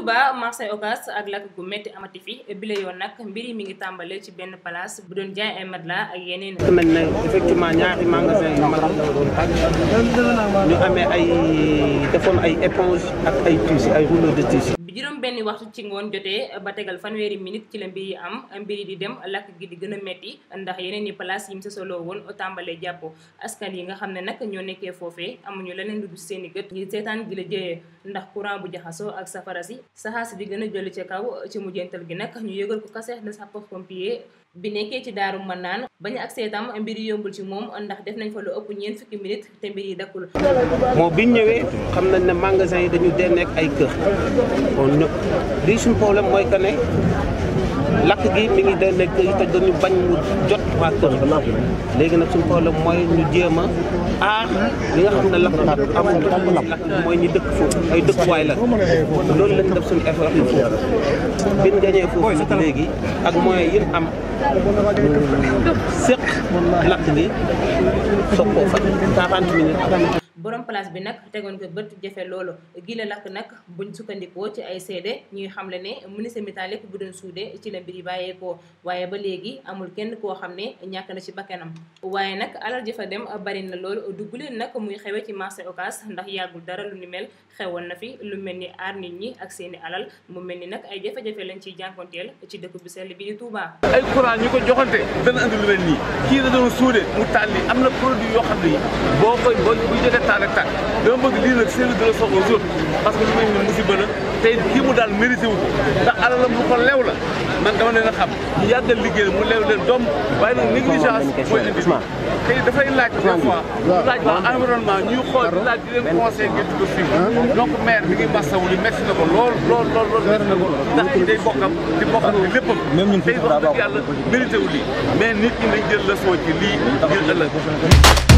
Touba marché Ocass ak lakk gu métti amati fi bi la yoon nag mbiri mi ngi tàmbale ci benn place bu doon jaay ay matelas ak yeneen. dafa mel ne effectivement ñaari magasin yu mag la doon ak ñu amee ay defoon ay éponge ak ay tissu ay rouleau de tissu. bi juróom benn waxtu ci ngoon jotee ba tegal fanweeri minute ci la mbir yi am mbir yi di dem lakk gi di gën a metti ndax yeneen ni place yi mu sasoloo woon tàmbalee jàpp askan yi nga xam ne nag ñoo nekkee foofee amuñu leneen lu dul seen i gët ngir seetaan gi la jëyee ndax courant bu jaxasoo ak safara si saxaar si di gën a jëli ca kaw ci mujjantal gi nag ñu yëgal ko kaseex na sapeur pompier bi nekkee ci daaru mën naan bañu ak seetam mbir yi yombul ci moom ndax def nañ fa lu ëpp ñeent fukki te mbir yi dakkul moo biñ ñëwee xam nañ ne magasin yi dañu dee nekk ay kër kon ñëpp lii suñu problème mooy que ne lakk gi mi ngi day nekk yi te dañu bañ mu jot waa kër léegi nag suñu problème mooy ñu jéem a aar li nga xam ne lakk amul lakk mooy ñu dëkk foofu ay dëkkuwaay la loolu lañ def suñu effort la foofu bin gañee foofu nag léegi ak moyen yi am séq lakk gi soog koo faj 40 minutes borom place bi nag tegoon ko bët jafe loolu gi la lakk nag buñ sukkandikoo ci ay seede ñuy xamle ne menuisier métallique bu doon suude ci la mbir yi bàyyeekoo waaye ba léegi amul kenn koo xam ne ñàkk na ci bakkanam waaye nag alal jafa dem bari na loolu dugg leen nag muy xewe ci marché Ocass ndax yàggul dara lu ni mel xewoon na fi lu mel ni aar nit ñi ak seeni alal mu mel ni nag ay jafe-jafe lañ ciy jànkonteel ci dëkk bu sell bi di Touba. ay courant ñu ko joxante am taal ak lii nag service parce que ñu nañ tey kii mu daal mérité wu ndax alalam lu ko leew la man dama xam ñu yàggal liggéey mu leew leen doom waaye nag négligence mooy indi tey dafay laaj des fois laaj waa environnement ñuy xool di laaj di leen conseil ngeen di ko suivre ah. donc maire bi ngi massawu li metti na ko lool lool lool ndax i day bokkam di bokkam léppam tey wax dëgg yàlla mérité wu lii mais nit ñi nañ jël leçon ci lii la la